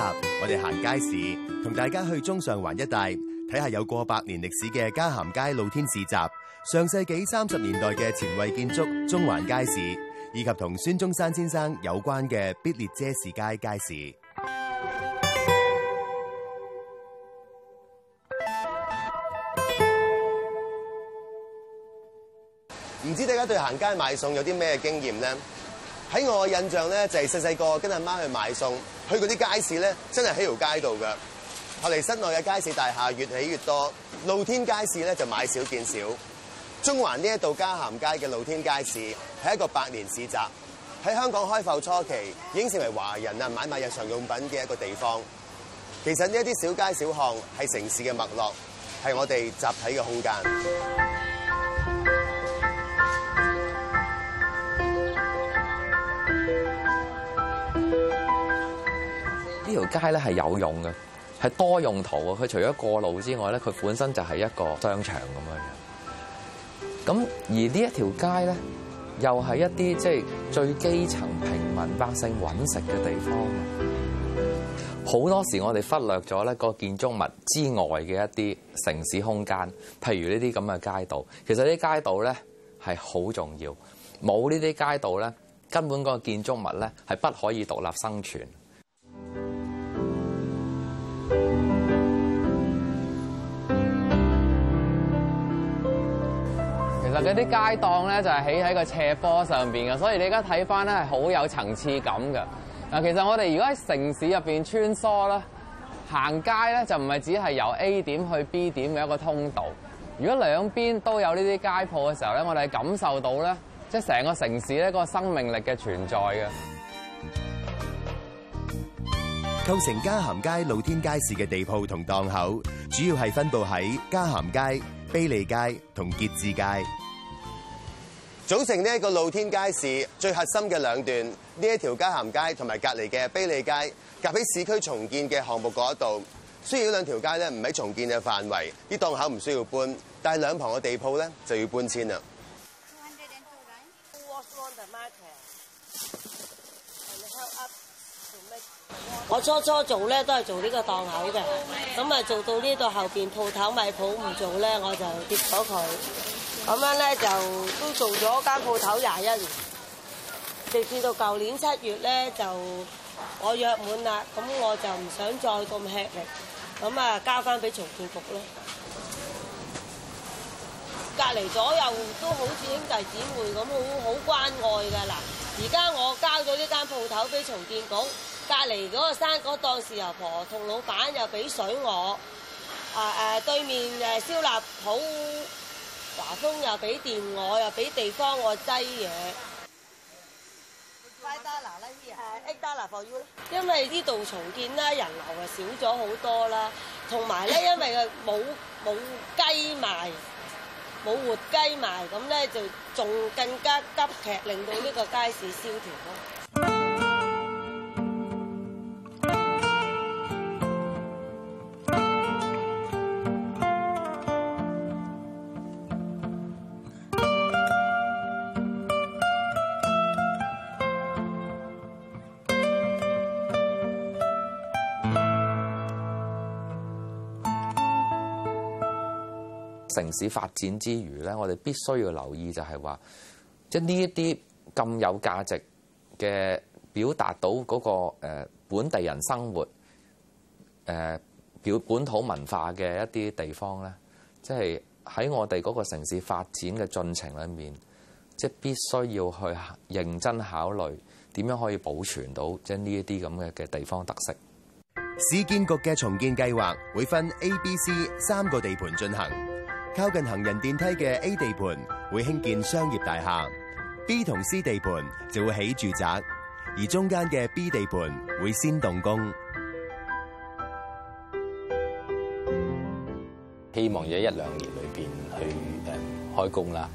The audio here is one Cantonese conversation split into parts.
我哋行街市，同大家去中上環一帶睇下有過百年歷史嘅嘉咸街露天市集，上世紀三十年代嘅前衛建築中環街市，以及同孫中山先生有關嘅必列者士街街市。唔知大家對行街買餸有啲咩經驗呢？喺我印象呢，就係細細個跟阿媽去買餸。去嗰啲街市咧，真係喺條街度㗎。後嚟室內嘅街市大廈越起越多，露天街市咧就買少見少。中環呢一度嘉咸街嘅露天街市係一個百年市集，喺香港開埠初期已經成為華人啊買賣日常用品嘅一個地方。其實呢一啲小街小巷係城市嘅脈絡，係我哋集體嘅空間。街咧係有用嘅，係多用途嘅。佢除咗過路之外咧，佢本身就係一個商場咁嘅樣的。咁而呢一條街咧，又係一啲即係最基層平民百姓揾食嘅地方。好多時候我哋忽略咗咧個建築物之外嘅一啲城市空間，譬如呢啲咁嘅街道。其實呢啲街道咧係好重要，冇呢啲街道咧，根本嗰個建築物咧係不可以獨立生存。有啲街檔咧就係起喺個斜坡上邊嘅，所以你而家睇翻咧係好有層次感嘅。嗱，其實我哋如果喺城市入邊穿梭啦、行街咧，就唔係只係由 A 點去 B 點嘅一個通道。如果兩邊都有呢啲街鋪嘅時候咧，我哋係感受到咧，即係成個城市咧個生命力嘅存在嘅。構成嘉咸街露天街市嘅地鋪同檔口，主要係分布喺嘉咸街、卑利街同傑志街。組成呢一個露天街市最核心嘅兩段，呢一條嘉咸街同埋隔離嘅卑利街，夾喺市區重建嘅項目嗰一度。雖然兩條街咧唔喺重建嘅範圍，啲檔口唔需要搬，但係兩旁嘅地鋪咧就要搬遷啦。我初初做咧都係做呢個檔口嘅，咁啊做到呢度後邊鋪頭米鋪唔做咧，我就跌咗佢。咁樣咧就都做咗間鋪頭廿一年，直至到舊年七月咧就我約滿啦，咁我就唔想再咁吃力，咁啊交翻俾重建局咯。隔離左右都好似兄弟姊妹咁，好好關愛㗎嗱。而家我交咗呢間鋪頭俾重建局，隔離嗰個生果檔豉油婆同老闆又俾水我，誒誒對面誒燒臘鋪。華豐又俾電，我又俾地方，我擠嘢。誒，Adala for you 咧。因為呢度重建啦，人流又少咗好多啦，同埋咧，因為冇冇雞賣，冇活雞賣，咁咧就仲更加急劇，令到呢個街市蕭條咯。城市發展之餘咧，我哋必須要留意就係話，即係呢一啲咁有價值嘅表達到嗰個誒本地人生活誒表本土文化嘅一啲地方咧，即係喺我哋嗰個城市發展嘅進程裏面，即係必須要去認真考慮點樣可以保存到即係呢一啲咁嘅嘅地方特色。市建局嘅重建計劃會分 A、B、C 三個地盤進行。靠近行人電梯嘅 A 地盤會興建商業大廈，B 同 C 地盤就會起住宅，而中間嘅 B 地盤會先動工。希望有一兩年裏邊去、呃、開工啦。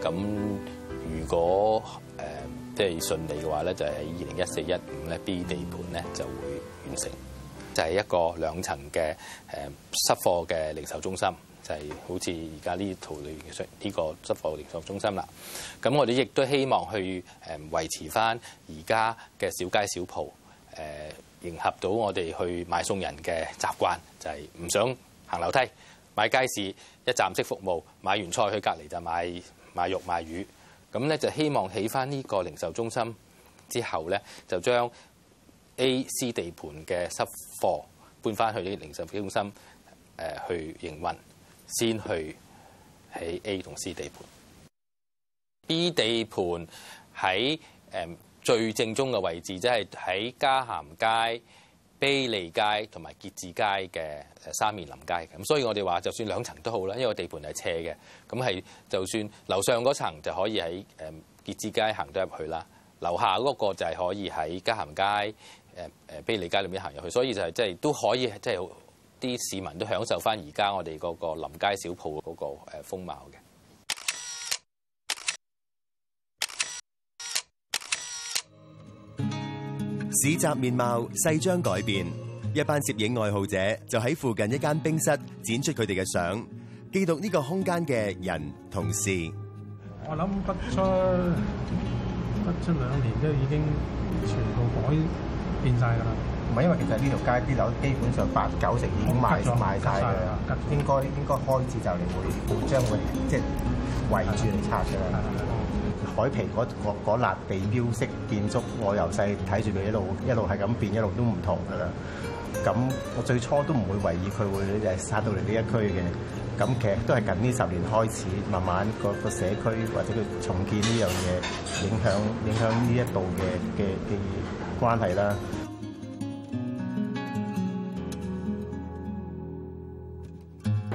咁如果誒、呃、即係順利嘅話咧，就係二零一四一五咧 B 地盤咧就會完成，就係、是、一個兩層嘅誒濕貨嘅零售中心。就係好似而家呢套類型嘅呢個濕貨零售中心啦。咁我哋亦都希望去誒維持翻而家嘅小街小鋪，誒，迎合到我哋去買餸人嘅習慣，就係唔想行樓梯買街市，一站式服務，買完菜去隔離就買買肉買魚。咁咧就希望起翻呢個零售中心之後咧，就將 A C 地盤嘅濕貨搬翻去呢零售中心誒去營運。先去喺 A 同 C 地盤，B 地盤喺誒最正中嘅位置，即係喺嘉咸街、卑利街同埋結志街嘅誒三面臨街嘅。咁所以我哋話，就算兩層都好啦，因為個地盤係斜嘅，咁係就算樓上嗰層就可以喺誒結志街行得入去啦，樓下嗰個就係可以喺嘉咸街、誒誒卑利街裏面行入去，所以就係即係都可以，即係好。啲市民都享受翻而家我哋嗰個臨街小鋪嗰個誒風貌嘅市集面貌勢將改變一班攝影愛好者就喺附近一間冰室展出佢哋嘅相，記錄呢個空間嘅人同事。我諗不出，不出兩年都已經全部改變晒㗎啦。唔係，因為其實呢條街啲樓基本上八九成已經賣賣晒㗎啦，應該應該開始就嚟會將佢即係圍住你拆㗎啦。海皮嗰嗰地標式建築，我由細睇住佢一路一路係咁變，一路都唔同㗎啦。咁我最初都唔會為意佢會，你殺到嚟呢一區嘅。咁其實都係近呢十年開始，慢慢個、嗰個社區或者佢重建呢樣嘢影響影響呢一度嘅嘅嘅關係啦。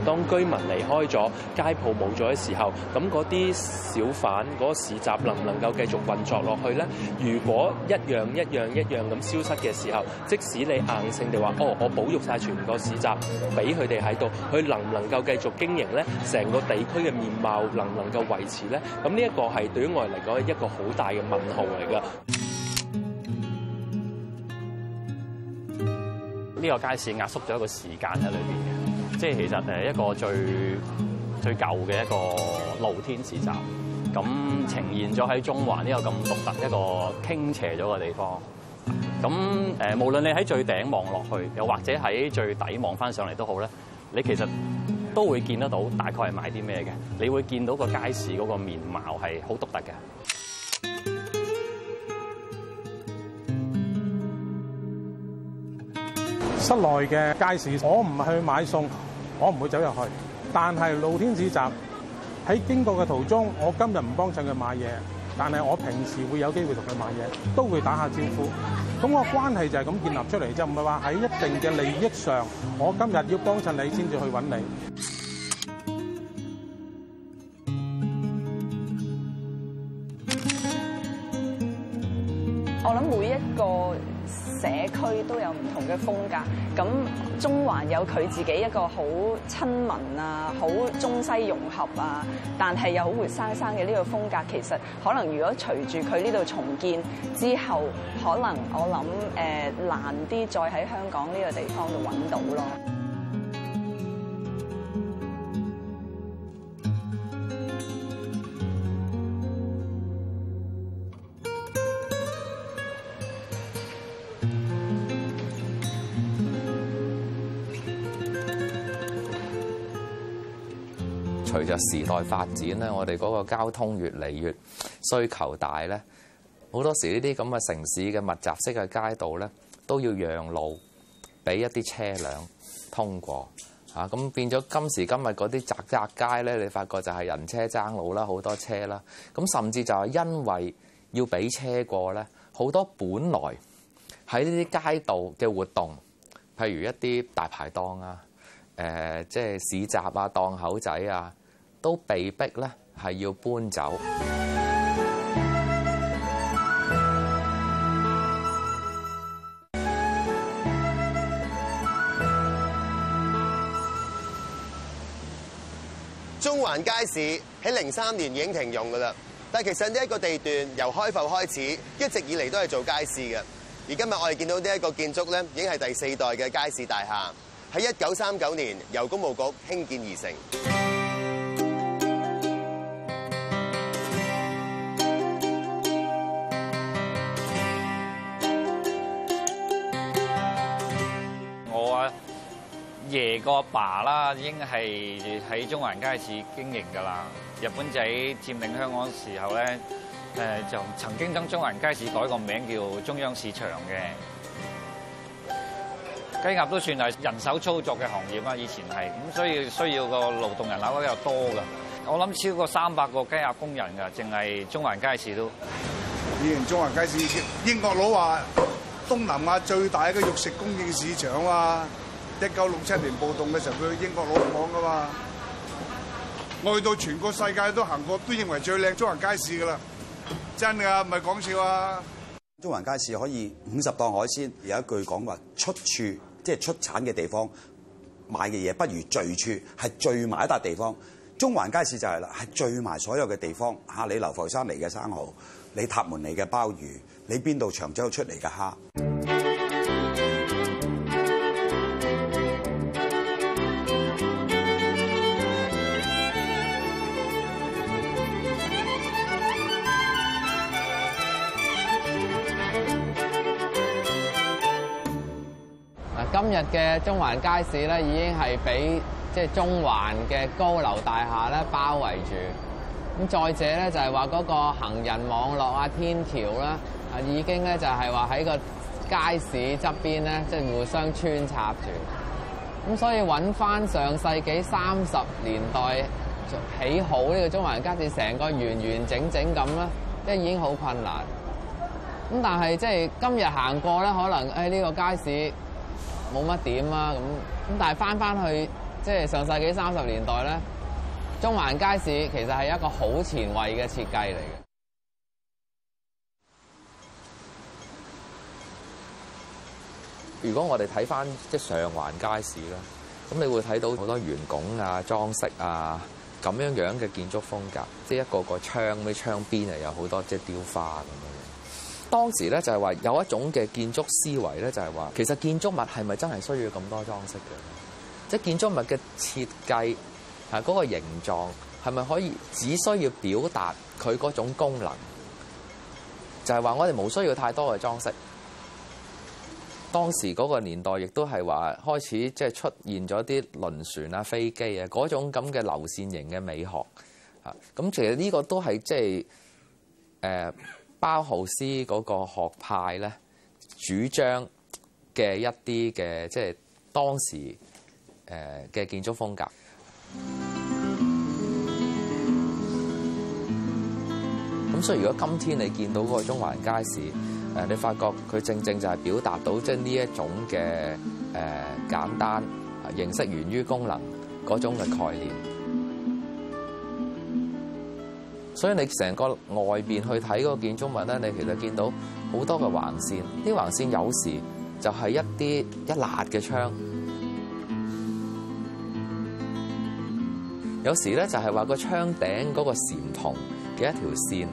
當居民離開咗，街鋪冇咗嘅時候，咁嗰啲小販嗰個市集能唔能夠繼續運作落去呢？如果一樣一樣一樣咁消失嘅時候，即使你硬性地話哦，我保育晒全個市集，俾佢哋喺度，佢能唔能夠繼續經營呢？成個地區嘅面貌能唔能夠維持呢？咁呢一個係對於我嚟講一個好大嘅問號嚟㗎。呢個街市壓縮咗一個時間喺裏邊。即係其實誒一個最最舊嘅一個露天市集，咁呈現咗喺中環呢個咁獨特一個傾斜咗嘅地方。咁誒，無論你喺最頂望落去，又或者喺最底望翻上嚟都好咧，你其實都會見得到大概係買啲咩嘅。你會見到個街市嗰個面貌係好獨特嘅。室內嘅街市，我唔去買餸。我唔會走入去，但係露天市集喺經過嘅途中，我今日唔幫襯佢買嘢，但係我平時會有機會同佢買嘢，都會打下招呼。咁個關係就係咁建立出嚟，就唔係話喺一定嘅利益上，我今日要幫襯你先至去揾你。我諗每一個區都有唔同嘅風格，咁中環有佢自己一個好親民啊，好中西融合啊，但係又好活生生嘅呢個風格，其實可能如果隨住佢呢度重建之後，可能我諗誒、呃、難啲再喺香港呢個地方度揾到咯。就時代發展咧，我哋嗰個交通越嚟越需求大咧。好多時呢啲咁嘅城市嘅密集式嘅街道咧，都要讓路俾一啲車輛通過嚇。咁、啊、變咗今時今日嗰啲窄窄街咧，你發覺就係人車爭路啦，好多車啦。咁甚至就係因為要俾車過咧，好多本來喺呢啲街道嘅活動，譬如一啲大排檔啊，即、呃、係、就係、市集啊、檔口仔啊。都被迫咧係要搬走。中環街市喺零三年已經停用噶啦，但其實呢一個地段由開埠開始，一直以嚟都係做街市嘅。而今日我哋見到呢一個建築咧，已經係第四代嘅街市大廈，喺一九三九年由工務局興建而成。爺個爸啦，已經係喺中環街市經營㗎啦。日本仔佔領香港的時候咧，誒就曾經將中環街市改個名叫中央市場嘅。雞鴨都算係人手操作嘅行業啦，以前係咁，所以需要個勞動人手比較多㗎。我諗超過三百個雞鴨工人㗎，淨係中環街市都。以前中環街市英國佬話東南亞最大嘅肉食供應市場啊！一九六七年暴動嘅時候，佢去英國攞獎㗎嘛！我去到全個世界都行過，都認為最靚中環街市㗎啦！真㗎，唔係講笑啊！中環街市可以五十檔海鮮，有一句講話：出處即係出產嘅地方，買嘅嘢不如聚處係聚埋一笪地方。中環街市就係啦，係聚埋所有嘅地方。嚇！你流浮山嚟嘅生蠔，你塔門嚟嘅鮑魚，你邊度長洲出嚟嘅蝦？今日嘅中環街市咧，已經係俾即係中環嘅高樓大廈咧包圍住。咁再者咧，就係話嗰個行人網絡啊、天橋啦，啊已經咧就係話喺個街市側邊咧，即係互相穿插住。咁所以揾翻上世紀三十年代起好呢個中環街市，成個完完整整咁咧，即係已經好困難。咁但係即係今日行過咧，可能誒呢個街市。冇乜點啊，咁咁，但係返返去即係上世紀三十年代咧，中環街市其實係一個好前衛嘅設計嚟嘅。如果我哋睇返即係上環街市啦，咁你會睇到好多圓拱啊、裝飾啊咁樣樣嘅建築風格，即係一個個窗啲窗邊啊，有好多即係雕花咁樣。當時咧就係話有一種嘅建築思維咧，就係話其實建築物係咪真係需要咁多裝飾嘅？即係建築物嘅設計啊，嗰個形狀係咪可以只需要表達佢嗰種功能？就係話我哋冇需要太多嘅裝飾。當時嗰個年代亦都係話開始即係出現咗啲輪船啊、飛機啊嗰種咁嘅流線型嘅美學啊。咁其實呢個都係即係誒。呃包豪斯嗰個學派咧，主張嘅一啲嘅即係當時誒嘅建築風格。咁所以如果今天你見到嗰個中環街市，誒你發覺佢正正就係表達到即係呢一種嘅誒簡單形式源於功能嗰種嘅概念。所以你成個外邊去睇個建築物咧，你其實見到好多嘅橫線，啲橫線有時就係一啲一辣嘅窗，有時咧就係話個窗頂個禪銳嘅一條線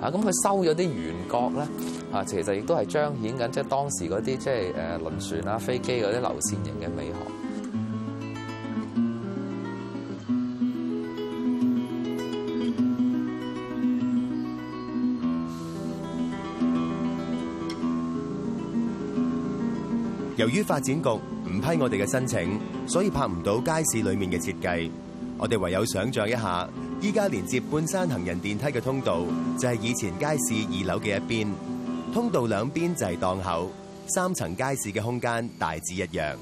啊，咁佢收咗啲圓角咧啊，其實亦都係彰顯緊即係當時啲即係誒輪船啊、飛機嗰啲流線型嘅美學。於發展局唔批我哋嘅申請，所以拍唔到街市裏面嘅設計。我哋唯有想象一下，依家連接半山行人電梯嘅通道，就係、是、以前街市二樓嘅一邊。通道兩邊就係檔口，三層街市嘅空間大致一樣。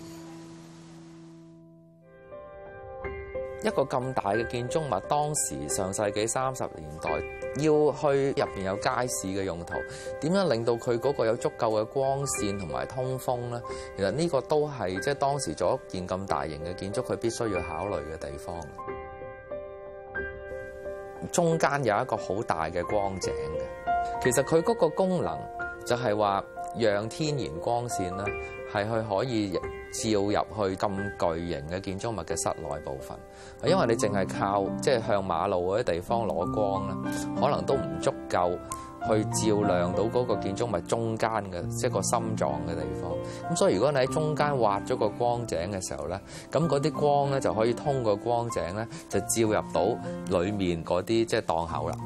一個咁大嘅建築物，當時上世紀三十年代，要去入面有街市嘅用途，點樣令到佢嗰個有足夠嘅光線同埋通風咧？其實呢個都係即係當時做一件咁大型嘅建築，佢必須要考慮嘅地方。中間有一個好大嘅光井嘅，其實，佢嗰個功能就係話。讓天然光線咧，係去可以照入去咁巨型嘅建築物嘅室內部分。因為你淨係靠即係、就是、向馬路嗰啲地方攞光咧，可能都唔足夠去照亮到嗰個建築物中間嘅即係個心臟嘅地方。咁所以如果你喺中間挖咗個光井嘅時候咧，咁嗰啲光咧就可以通過光井咧，就照入到裡面嗰啲即係檔口啦。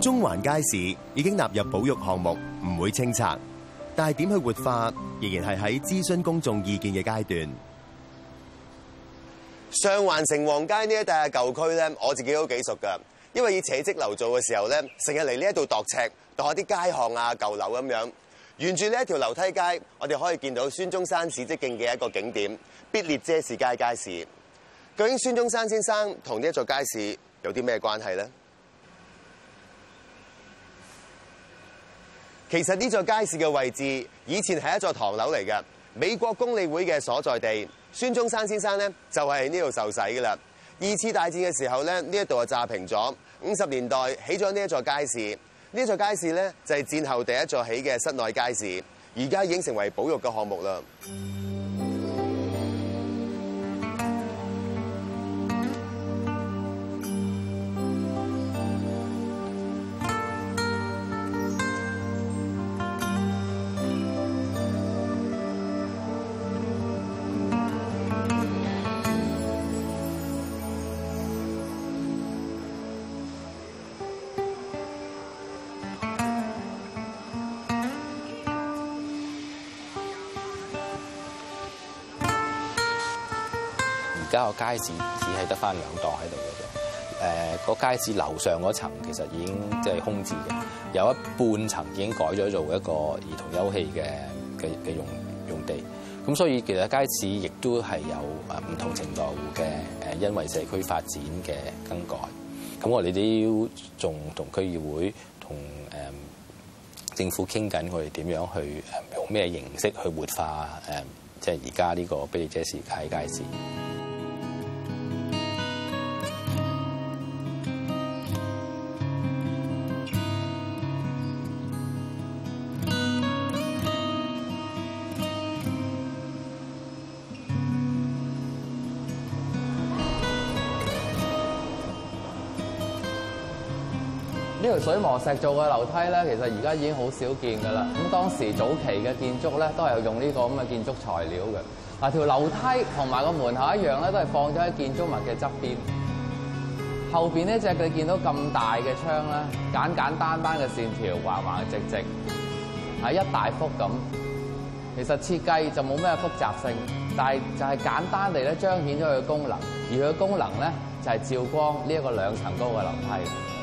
中環街市已經納入保育項目，唔會清拆，但係點去活化，仍然係喺諮詢公眾意見嘅階段。上環城皇街呢一帶嘅舊區咧，我自己都幾熟噶，因為以斜積樓做嘅時候咧，成日嚟呢一度度尺度下啲街巷啊、舊樓咁樣。沿住呢一條樓梯街，我哋可以見到孫中山史蹟徑嘅一個景點——必列遮士街街市。究竟孫中山先生同呢一座街市有啲咩關係咧？其實呢座街市嘅位置以前係一座唐樓嚟嘅，美國公理會嘅所在地。孫中山先生呢就係喺呢度受洗㗎喇。二次大戰嘅時候呢，呢一度啊炸平咗。五十年代起咗呢一座街市，呢一座街市呢就係戰後第一座起嘅室內街市，而家已經成為保育嘅項目啦。個街市只係得翻兩檔喺度嘅啫。誒，個街市的樓上嗰層其實已經即係空置嘅，有一半層已經改咗做一個兒童休憩嘅嘅嘅用用地。咁所以其實街市亦都係有唔同程度嘅誒，因為社區發展嘅更改。咁我哋都要仲同區議會同誒政府傾緊，佢哋點樣去用咩形式去活化誒，即係而家呢個必列者士街街市。磨石做嘅樓梯咧，其實而家已經好少見噶啦。咁當時早期嘅建築咧，都係用呢個咁嘅建築材料嘅。啊，條樓梯同埋個門口一樣咧，都係放咗喺建築物嘅側邊。後邊呢只佢見到咁大嘅窗啦，簡簡單單嘅線條橫橫直直，係一大幅咁。其實設計就冇咩複雜性，但係就係簡單地咧彰顯咗佢嘅功能。而佢嘅功能咧就係照光呢一個兩層高嘅樓梯。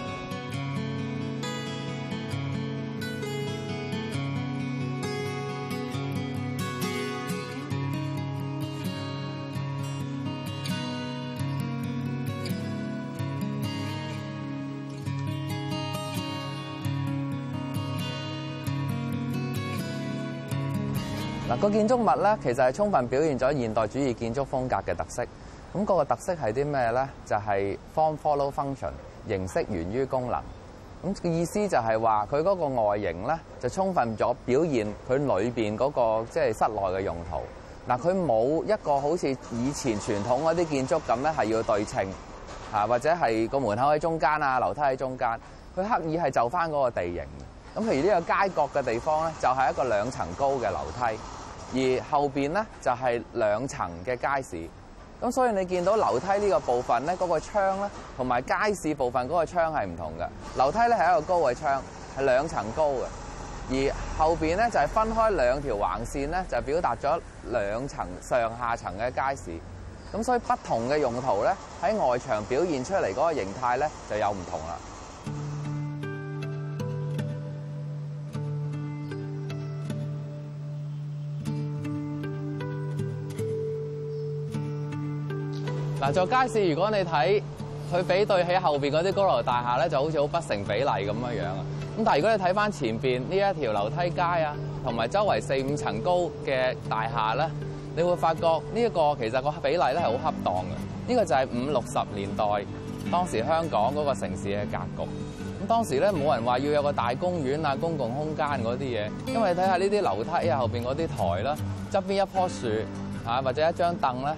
嗱、那，個建築物咧，其實係充分表現咗現代主義建築風格嘅特色。咁、那、嗰個特色係啲咩咧？就係、是、form follow function，形式源於功能。咁、那個、意思就係話，佢嗰個外形咧，就充分咗表現佢裏邊嗰、那個即係、就是、室內嘅用途。嗱，佢冇一個好似以前傳統嗰啲建築咁咧，係要對稱啊，或者係個門口喺中間啊，樓梯喺中間，佢刻意係就翻嗰個地形。咁譬如呢個街角嘅地方咧，就係一個兩層高嘅樓梯。而後面咧就係兩層嘅街市，咁所以你見到樓梯呢個部分咧，嗰個窗咧，同埋街市部分嗰個窗係唔同嘅。樓梯咧係一個高位窗，係兩層高嘅。而後面咧就係分開兩條橫線咧，就表達咗兩層上下層嘅街市。咁所以不同嘅用途咧，喺外牆表現出嚟嗰個形態咧就有唔同啦。在街市，如果你睇佢比對起後邊嗰啲高樓大廈咧，就好似好不成比例咁樣樣啊！咁但係如果你睇翻前邊呢一條樓梯街啊，同埋周圍四五層高嘅大廈咧，你會發覺呢一個其實個比例咧係好恰當嘅。呢個就係五六十年代當時香港嗰個城市嘅格局。咁當時咧冇人話要有個大公園啊、公共空間嗰啲嘢，因為你睇下呢啲樓梯啊、後邊嗰啲台啦、側邊一棵樹啊或者一張凳咧。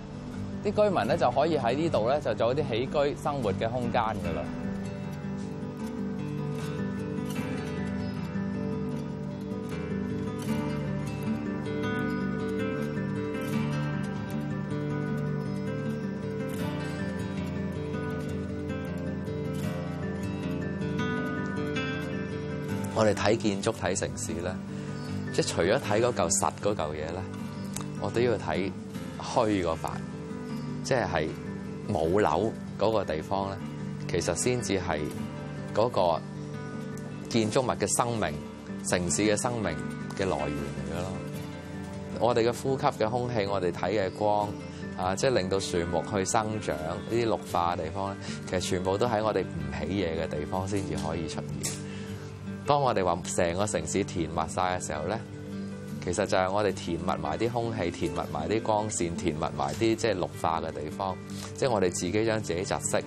啲居民咧就可以喺呢度咧就做一啲起居生活嘅空間噶啦。我哋睇建築睇城市咧，即係除咗睇嗰嚿實嗰嚿嘢咧，我都要睇虛嗰塊。即係冇樓嗰個地方咧，其實先至係嗰個建築物嘅生命、城市嘅生命嘅來源嚟嘅咯。我哋嘅呼吸嘅空氣，我哋睇嘅光啊，即係令到樹木去生長呢啲綠化嘅地方咧，其實全部都喺我哋唔起嘢嘅地方先至可以出現。當我哋話成個城市填密晒嘅時候咧，其實就係我哋填密埋啲空氣，填密埋啲光線，填密埋啲即係綠化嘅地方，即係我哋自己將自己窒息。